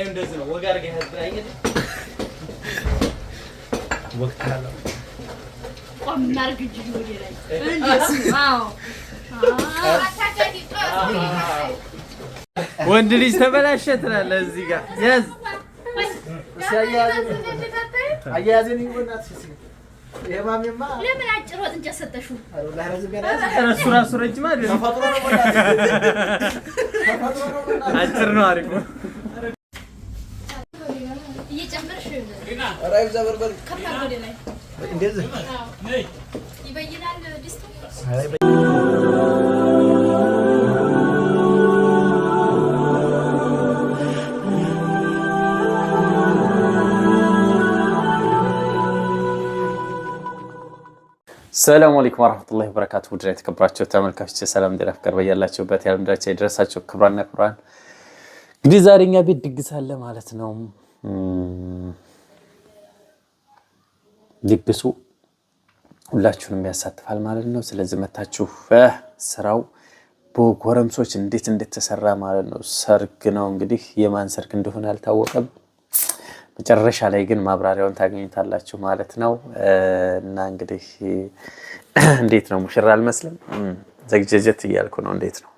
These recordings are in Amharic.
እንደዚህ ነው። ወግ አድርገህ ቆም እናድርግ እንጂ ወደ ላይ ወንድ ልጅ ተበላሸ ትላለህ። እዚህ ጋር ያዝ አያያዘን እሱ እራሱ ረጅም አይደለም። አጭር ነው አሪፍ ነው። እንደዚህ ይበይናል ድስቱ ሰላም አለይኩም ወራህመቱላሂ ወበረካቱ። ውድ የተከበራችሁ ተመልካቾች ሰላም ጤና ፍቅር በያላችሁበት የዓለም ዳርቻ የደረሳችሁ ክብራና ክብራን፣ እንግዲህ ዛሬኛ ቤት ድግስ አለ ማለት ነው። ድግሱ ሁላችሁንም ያሳትፋል ማለት ነው። ስለዚህ መታችሁ ስራው በጎረምሶች እንዴት እንደተሰራ ማለት ነው። ሰርግ ነው እንግዲህ፣ የማን ሰርግ እንደሆነ አልታወቀም። መጨረሻ ላይ ግን ማብራሪያውን ታገኙታላችሁ ማለት ነው። እና እንግዲህ እንዴት ነው ሙሽራ አልመስልም፣ ዘግጀጀት እያልኩ ነው። እንዴት ነው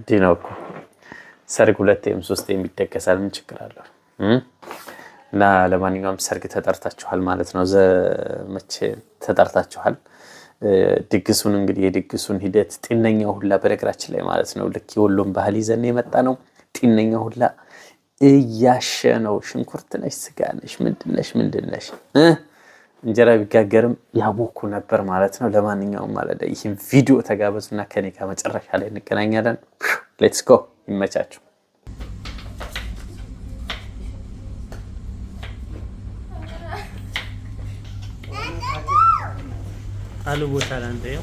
እንዲህ ነው እኮ ሰርግ ሁለቴም ሶስቴም ይደገሳል። ምን ችግር አለው? እና ለማንኛውም ሰርግ ተጠርታችኋል ማለት ነው። ዘመቼ ተጠርታችኋል? ድግሱን እንግዲህ የድግሱን ሂደት ጤነኛ ሁላ በነገራችን ላይ ማለት ነው ልክ የወሎን ባህል ይዘን የመጣ ነው። ጤነኛ ሁላ እያሸ ነው። ሽንኩርት ነሽ፣ ስጋ ነሽ፣ ምንድነሽ ምንድነሽ እንጀራ ቢጋገርም ያቦኩ ነበር ማለት ነው። ለማንኛውም ማለት ይህም ቪዲዮ ተጋበዙና ከኔ መጨረሻ ላይ እንገናኛለን። ሌትስ ጎ ይመቻችሁ። አልቦታል አንተ ያው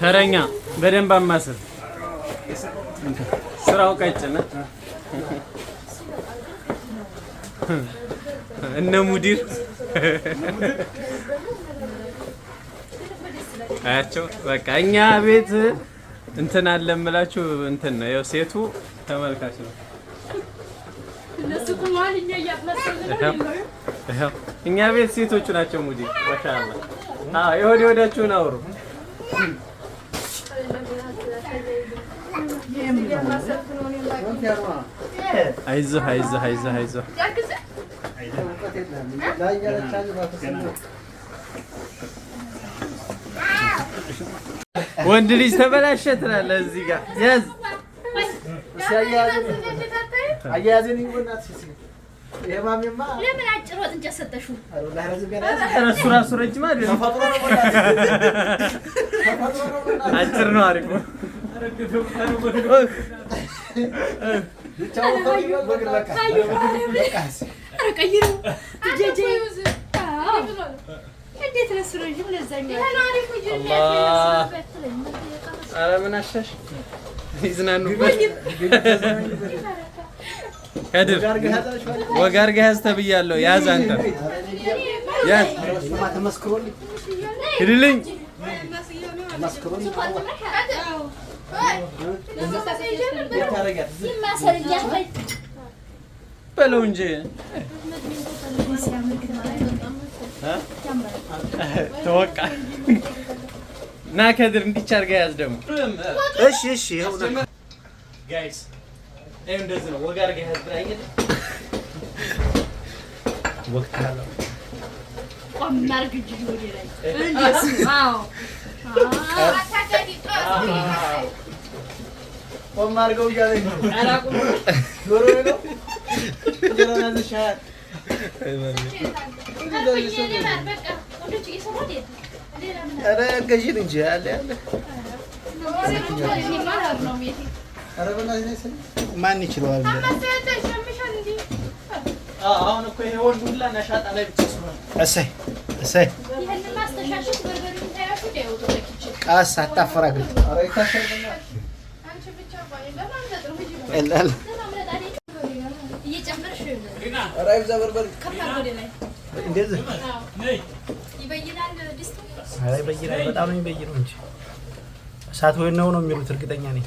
ተረኛ በደንብ አማስል። ስራው ቀጭን እነ ሙዲር አያቸው። በቃ እኛ ቤት እንትን አለምላችሁ እንትን ነው ያው ሴቱ ተመልካች ነው። እኛ ቤት ሴቶቹ ናቸው። ሙዲ ማሻአላ። አዎ የሆድ የሆዳችሁን አውሩ። አይዞህ አይዞህ አይዞህ አይዞህ ወንድ ልጅ ተበላሸ ትላለህ እዚህ ጋር ያዝ አያያዘን ይሆናት ሲሲል የማሚማ ለምን አጭር ወጥ እንጨት ሰጠሽው? እሱ ራሱ ረጅም አይደለም፣ አጭር ነው። አሪፍ እንዴት ነው እሱ ረጅም ለዛኛው ኧረ ምን አሻሽ ይዝናኑበት ከድር ወጋር ጋዝ ተብያለሁ። ያዝ አንተ ያዝ ሂድልኝ። በለው እንጂ ተወቃ ና ከድር እንዲቻል ጋዝ ደግሞ እሺ እሺ ይሄ እንደዚህ ነው። ወጋ አድርገህ ያዝብራኝ ወቅታለሁ ቆም እንጂ ወደ ያለ ማን ይችለዋል? እሰይ እሰይ፣ ቀስ በጣም ነው የሚበይነው እንጂ እሳት ወይ ነው ነው የሚሉት እርግጠኛ ነኝ።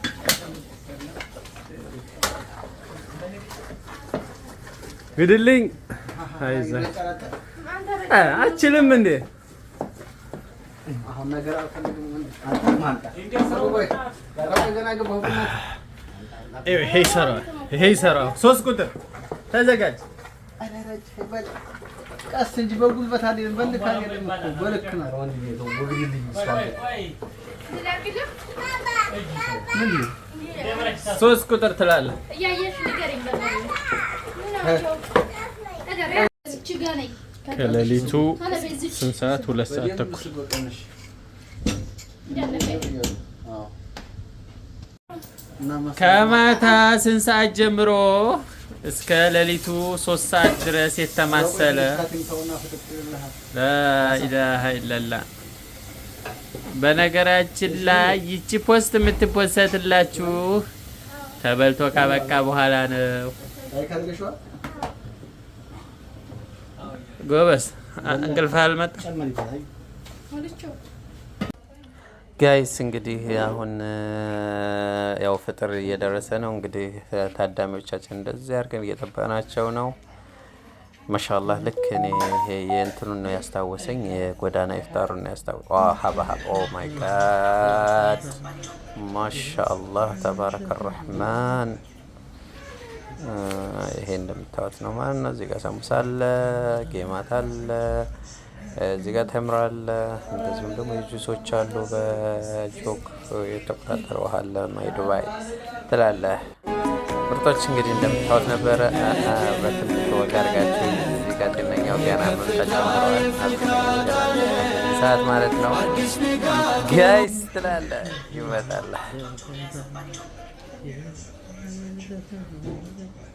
ግድልኝ አይዛ አችልም እንዴ አሁን ነገር አልፈልግም። ሶስት ቁጥር ተዘጋጅ። ቀስ እንጂ በጉልበት አይደለም፣ በልክ በልክ ነው። ሶስት ቁጥር ትላለህ። ከሌሊቱ ስንት ሰዓት? ሁለት ሰዓት ተኩል ከማታ ስንት ሰዓት ጀምሮ እስከ ሌሊቱ ሶስት ሰዓት ድረስ የተማሰለ ላኢላሀ ኢለላ። በነገራችን ላይ ይቺ ፖስት የምትፖሰትላችሁ ተበልቶ ካበቃ በኋላ ነው። ጎበስ እንቅልፍ አልመጣ ጋይስ እንግዲህ አሁን ያው ፍጥር እየደረሰ ነው። እንግዲህ ታዳሚዎቻችን እንደዚህ አድርገን እየጠበቅናቸው ነው። ማሻላህ ልክ እኔ ይሄ የእንትኑን ነው ያስታወሰኝ፣ የጎዳና ኢፍጣሩን ነው ያስታወሰኝ። ሀባሀብ ኦ ማይ ጋድ ማሻላህ ተባረከ ረሕማን ይሄ እንደምታዩት ነው ማለት ነው። እዚህ ጋር ሳሙሳ አለ፣ ጌማት አለ፣ እዚህ ጋር ተምር አለ። እንደዚሁም ደግሞ የጁሶች አሉ። በጆክ የተቆጣጠረ ውሃ አለ። ማይ ዱባይ ትላለህ ምርቶች እንግዲህ እንደምታዩት ነበረ። በትልቅ ወግ አድርጋችሁ እዚህ ጋር ጤነኛው ገና ምርት ተጨምረዋል። ሰዓት ማለት ነው ጋይስ ትላለ ይመጣል Anladım.